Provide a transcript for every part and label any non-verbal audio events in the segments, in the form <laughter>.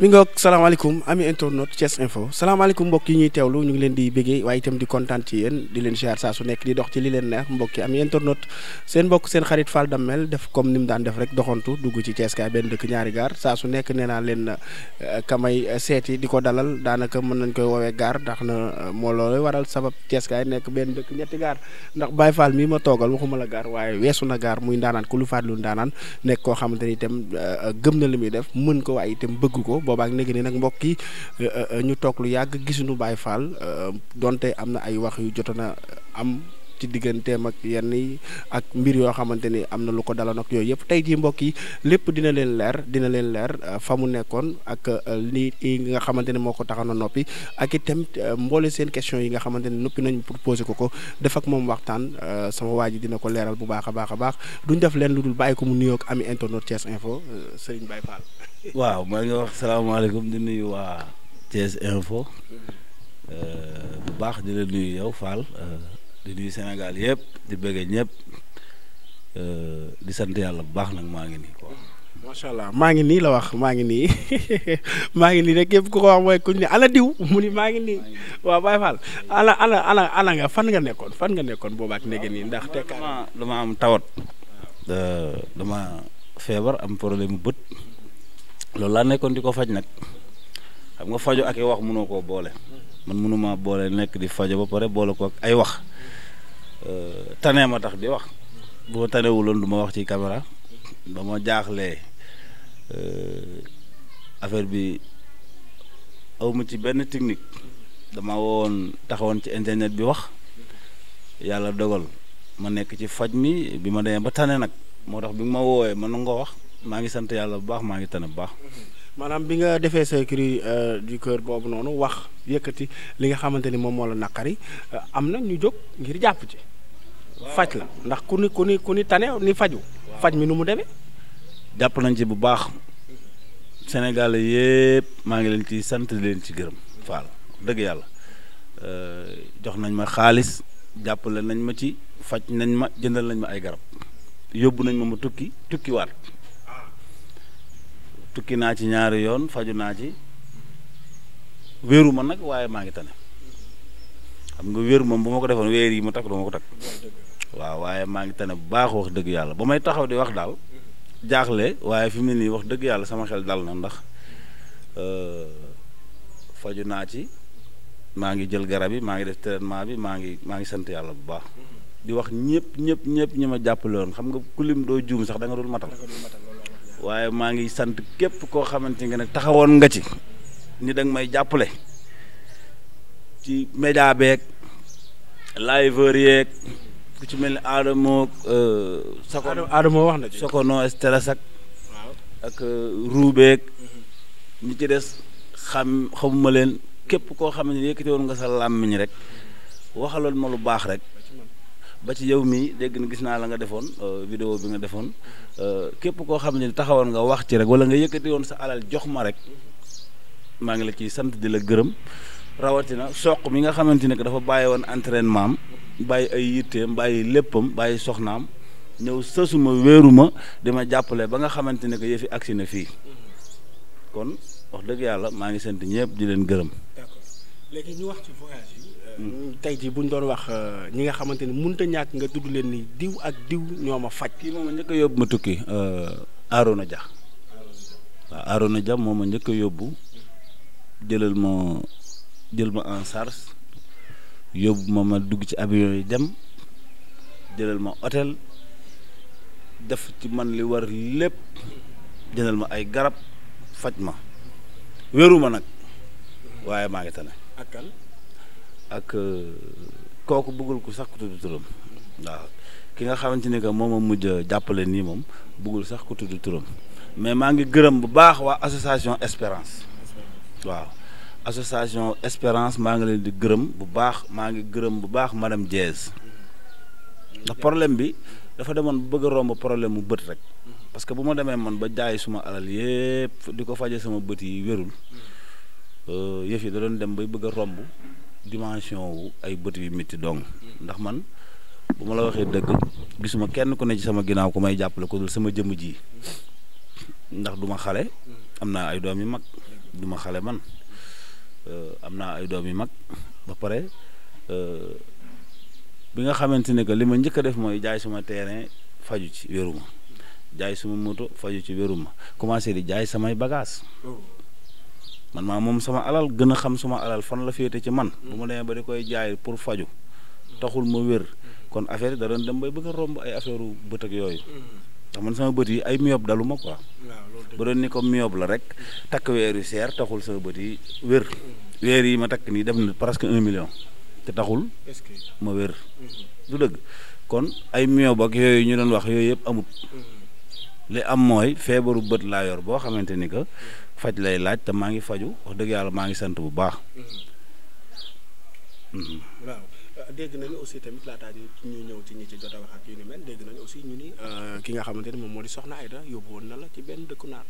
mi ngi wax salaamaaleykum ami internaute Thiès Info salaamaaleykum mbokk yi ñuy teewlu ñu ngi leen di béggee waaye itam di kontaan ci yéen di leen siyaar saa su nekk di dox ci li leen neex mbokk yi ami internaute seen mbokk seen xarit Fall Damel def comme ni mu daan def rek doxantu dugg ci Thiès kaay benn dëkk ñaari gaar saa su nekk nee naa leen eh, kamay eh, seeti di ko dalal daanaka mën nañ koy woowee gaar ndax na eh, moo loolu waral sabab Thiès kaay nekk benn dëkk ñetti gaar ndax Baye mii ma toogal waxuma gaar waaye weesu na gaar muy ndaanaan ku lu faat lu ndaanaan nekk koo xamante ni itam gëm na li muy def mën ko waaye itam bëgg ko boobaak léegi ne nag mbokk yi euh, euh, ñu toog lu yàgg gisuñu Baye Fall euh, donte am na ay wax yu jotoon a am. ci digganteem ak yenn yi ak mbir yoo xamante ni am na lu ko daloon ak yooyu yëpp tey jii mbokk yi lépp dina leen leer dina leen leer euh, fa mu nekkoon ak euh, li nga xamante ne moo ko taxana noppi ak itam euh, mboole seen question yi nga xamante ne noppi nañ pour poser ko ko def ak moom waxtaan sama waa ji dina ko leeral bu baax a baax a baax duñ def leen lu dul bàyyi ko mu nuyoo ak ami internet Thiès Info Serigne Baye Fall. <laughs> waaw maa ngi wax salaamaaleykum di nuyu waa Thiès mm-hmm. bu baax di la yow Fall. di nuyu Sénégal yëpp di bëggee ñëpp euh, di sant yàlla bu baax nag maa ngi nii maa ngi nii la wax maa ngi nii <laughs> maa ngi nii rek képp ku ko wax mooy ko ne ana diw <laughs> mu ni maa ngi nii waaw Baye Fall ana ana nga fan nga nekkoon fan nga nekkoon boobaak néegi nii ndax tekka dama am tawat dama feebar am problème mu bët loolu laa nekkoon di ko faj nag xam nga faju ak i wax mënoo koo boole man mënuma boole nekk di fajo ba pare boole ko ak ay wax euh, tane ma tax di wax boo tanewuloon du ma wax ci caméra ba ma jaaxlee euh, affaire bi awma ci benn technique dama wowoon taxawoon ci internet bi wax yàlla dogal ma nekk ci faj mi bi ma demee ba tane nag moo tax bi ma woowee mën nga wax maa ngi sant yàlla bu baax maa ngi tane bu baax maanaam bi nga defee sa cri euh, du cœur boobu noonu wax yëkkati li nga xamante ni moom moo la naqari euh, am na ñu jóg ngir jàpp ci. faj la ndax ku ni ku ni ku ni tane ni faju faj mi nu mu demee. jàpp nañ ci bu baax Sénégal yëpp maa ngi leen ci sant leen ci gërëm Fall dëgg yàlla euh, jox nañ ma xaalis jàppale nañ ma ci faj nañ ma jëndal nañ ma ay garab yóbbu nañ ma ma tukki tukkiwaat. tukki naa ci ñaari yoon faju naa ci wéeru ma nag waaye maa ngi tane xam nga wéeru moom bu ma ko defoon wéer yi ma takk du ko takk waaw waaye maa ngi tane bu baax wax dëgg yàlla ba may taxaw di wax daal jaaxle waaye fi mu ne nii wax dëgg yàlla sama xel dal na ndax euh, faju naa ci maa ngi jël garab yi maa ngi def traitement bi maa ngi maa sant yàlla bu baax di wax ñëpp ñëpp ñëpp ñi ma jàppale woon xam nga ku lim doo juum sax da nga dul matal waaye maa ngi sant képp koo xamante ne nag taxawoon nga ci ni da nga may jàppale ci média beeg liveur yeeg ku ci mel ni Adamo Sakon euh, Adamo wax na ci Sakono Stress ak ak euh, ruubeeg ñi ci des xam xamuma leen képp koo xamante ne woon nga sa làmmiñ rek waxaloon ma lu baax rek ba ci yow mii dégg na gis naa la nga defoon euh, vidéo bi nga defoon euh, képp koo xam ne taxawoon nga wax ci rek wala nga yëkkati woon sa alal jox ma rek maa ngi la ciy sant di la gërëm rawatina soq mi nga xamante ne dafa bàyyi woon entrainement am bàyyi ay yitteem bàyyi léppam bàyyi soxnaam ñëw sësuma wéeruma ma jàppale ba nga xamante ne que fi agsi na fii kon wax dëgg yàlla maa ngi sant ñëpp di leen gërëm. Euh, tey jii bu ñu doon wax euh, ñi nga xamante ni mënut a ñàkk nga tudd leen ni diw ak diw ñoo ma faj. kii moom njëkk a yóbbu ma tukki euh, Arona ja waaw Arona ja moom a njëkk yóbbu jëlal ma jël ma en charge yóbbu ma ma dugg ci abiyon yi dem jëlal ma hôtel def ci man li war lépp jëlal ma ay garab faj ma wéruma nag waaye maa ngi ak euh, kooku buggul ko sax ku tudd turam waaw ki nga xamante ni que moom a mujj jàppale nii moom bëggul sax ku tudd turam mais maa ngi gërëm bu baax waa association Espérance waaw association Espérance maa ngi leen di gërëm bu baax maa ngi gërëm bu baax madame Diaz ndax problème bi dafa demoon bëgg romb problème mu bët rek parce que bu ma demee man ba jaay suma alal yépp di ko faje sama bët yi wérul euh, yëf yi da doon dem bay bëgg a romb dimension wu ay bët yu métti dong ndax man bu ma la waxee dëgg gisuma kenn ku ne ci sama ginnaaw ku may jàppale ko dul sama jëmm ji ndax du ma xale am naa ay doom yu mag du ma xale man euh, am naa ay doom yu mag ba pare euh, bi nga xamante ne que li ma njëkk a def mooy jaay suma terrain faju ci wéru jaay suma moto faju ci wéru ma commencé di jaay samay bagage oh. man maa moom sama alal gën a xam suma alal fan la féete ci man. Mm. bu ma demee ba di koy jaay pour faju taxul ma wér. Mm. kon affaire yi da dem bay bëgg romb ay affaire bët ak yooyu. Mm. ndax man sama bët yi ay myob dalu ma quoi. ba doon ni ko myob la rek takk weer yu seer taxul sama bët yi wér. weer yi ma takk nii def na presque un million te taxul. ma wér. Mm-hmm. du dëgg kon ay myob ak yooyu ñu doon wax yooyu yëpp amut. li am mooy feebaru bët laa yor boo xamante ni que faj lay laaj te maa ngi faju wax dëgg yàlla maa ngi sant bu baax. Mm-hmm. waaw euh, dégg nañu aussi tamit laataa ñu ñëw ci ñi ci dégg nañu aussi ñu ni euh, ki nga xamante ni moom moo di Soxna Aida yóbbu woon ci benn dëkku naar.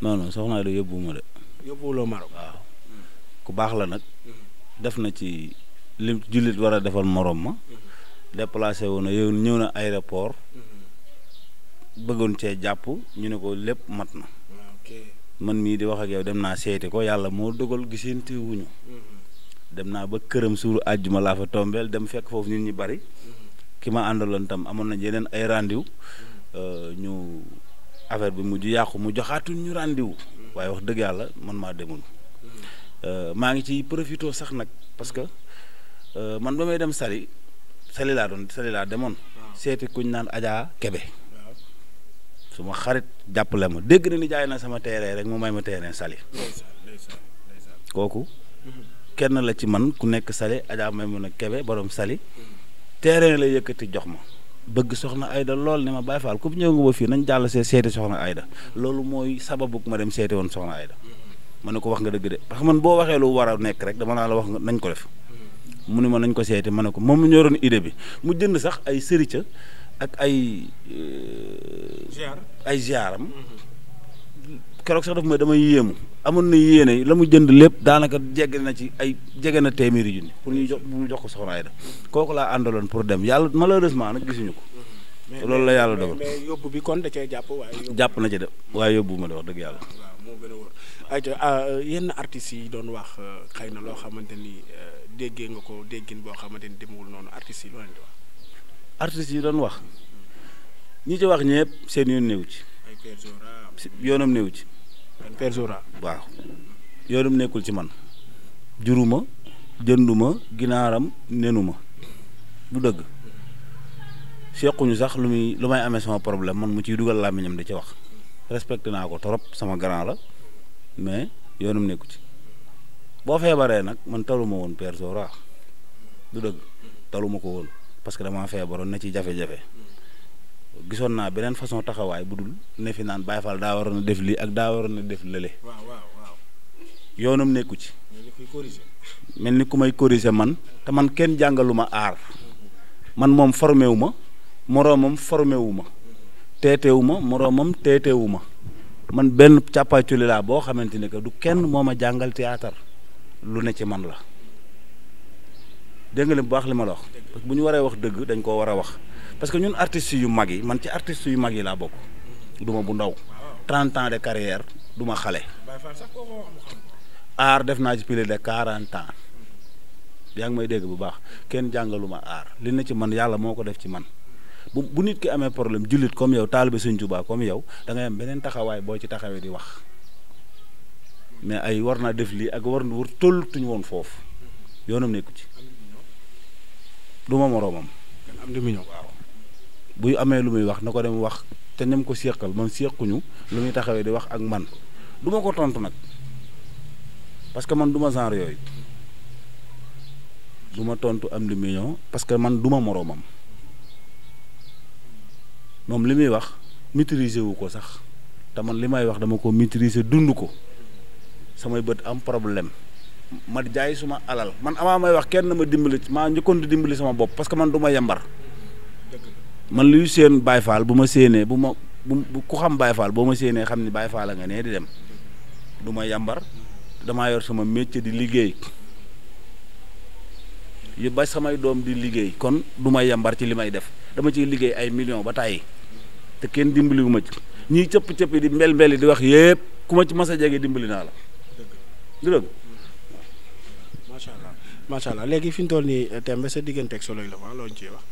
non non Soxna Aida yóbbuwuma de. yóbbuwuloo Maroc waaw. ku baax la nag. Mm-hmm. def na ci lim jullit war a defal morom ma. Mm-hmm. déplacé woon na yow ñëw na aéroport. bëggoon cee jàpp ñu ne ko lépp mat na man mii di wax ak yow dem naa seeti ko yàlla moo dogal gisante wuñu mhm. dem naa ba këram suuru àjjuma laa fa tombeel dem fekk foofu nit ñi bari mhm. ki ma àndaloon tam amoon nañ yeneen ay rendiw mhm. euh, ñu affaire bi mujj yàqu mu joxaatuñ ñu rendiw waaye wax dëgg yàlla man maa demul euh, maa ngi ci profité sax nag parce que euh, man ba may dem sali sali laa doon sali laa demoon seeti kuñ naan Adja Kebe su ma xarit jàppale ma dégg na ni jaay na sama terrain rek mu may ma terrain Saly kooku kenn la ci man ku nekk Saly Adja Maimouna Kébé borom Saly terrain la yëkkati jox ma bëgg soxna Ayda lool ni ma Baye Fall ku ñëw nga fii nañ jàll see seeti soxna Ayda loolu mooy sababu ma dem seeti woon soxna Ayda ma ne ko wax nga dëgg de parce que man boo waxee lu war a nekk rek dama naa la wax nañ ko def mu ne ma nañ ko seeti ma ne ko moom ñoroon idée bi mu jënd sax ay sërica ak ay. ziar euh, ay ziaram. Mhm. keroog sax dafa may damay yéemu amoon na yéene la mu jënd lépp daanaka jege na ci ay jege na téeméeri junni pour ñu jox pour mu jox ko soxna Aida kooku laa àndaloon pour dem yàlla malheureusement nag gisuñu ko. loolu la yàlla dogal mais yóbbu bi kon da cee jàpp jàpp na ci de waaye yóbbu ma de wax dëgg yàlla. waaw moo gën a wóor ayca ah, yenn artistes yi doon wax euh, xëy na loo xamante ni euh, déggee nga ko déggin boo xamante ni demewul noonu artistes yi loo leen di wax. artistes yi doon wax ñi ci wax ñëpp seen yoon néew ci. yoonam néew ci. waaw yoonam nekkul ci man. juruma jënduma ginaaram nenuma du dëgg sequñu sax lu muy lu may amee sama problème man mu ciy dugal làmmiñam di ci wax respecté naa ko trop sama grand la mais yoonam nekku ci boo feebaree nag man taluma woon Père Zora du dëgg taluma ko woon parce que dama fee baroon na ci jafe-jafe gisoon naa beneen façon taxawaay bu dul ne fi naan Baye Fall daa waroon a def lii ak daa waroon a def lële. waaw nekku ci. mel ni ku may corriger man te man kenn jàngalu ma aar man moom formé wu ma moroomam formé wu ma teetewu ma moroomam teetewu ma man benn càppaaculi laa boo xamante ne que du kenn moom a jàngal théâtre lu ne ci man la. dégg nga leen bu baax li ma la wax parce bu ñu waree wax dëgg dañ koo war a wax parce que ñun artistes yu mag yi man ci artistes yu mag yi laa bokk du ma bu ndaw 30 ah. ans de carrière du ma xale aar def naa ci plus de 40 ans yaa ngi may dégg bu baax kenn jàngalu ma aar li na ci man yàlla moo ko def ci man bu bu nit ki amee problème jullit comme yow taalibe Sëñ Tuubaa comme yow da am beneen taxawaay boo ci taxawee di wax mais ay war naa def lii ak war wër tollutuñu woon foofu yoonam nekku ci du ma moroomam. am di waaw. bu amee lu muy wax na ko dem wax te nem ko seqal man sequñu lu muy taxawee di wax ak man du ma ko tontu nag parce que man du ma genre yooyu du ma tontu am di million parce que man du ma moroomam moom li muy wax maîtriser wu ko sax te man li may wax dama ko maîtriser dund ko samay bët am problème. mat jaay suma alal man amaa may wax kenn ma dimbali maa njëkkoon di dimbali sama bopp parce que man du ma yembar man luy seen Baay Faal bu ma séenee bu ma bu ku xam Baay Faal boo ma séenee xam ni Baay Faal la nga nee di dem du ma yambar damaa yor sama métier di liggéey yu ba samay doom di liggéey kon du ma yambar ci li may def dama ciy liggéey ay million ba tàyyi te kenn dimbaliwu ma ci ñiy cëpp-cëpp di mbel mbel di wax yëpp ku ma ci mas a jege dimbali naa la macha allah léegi fi ñu toll nii tembe sa digganteeg Soleil Levant loo ñu ciy wax.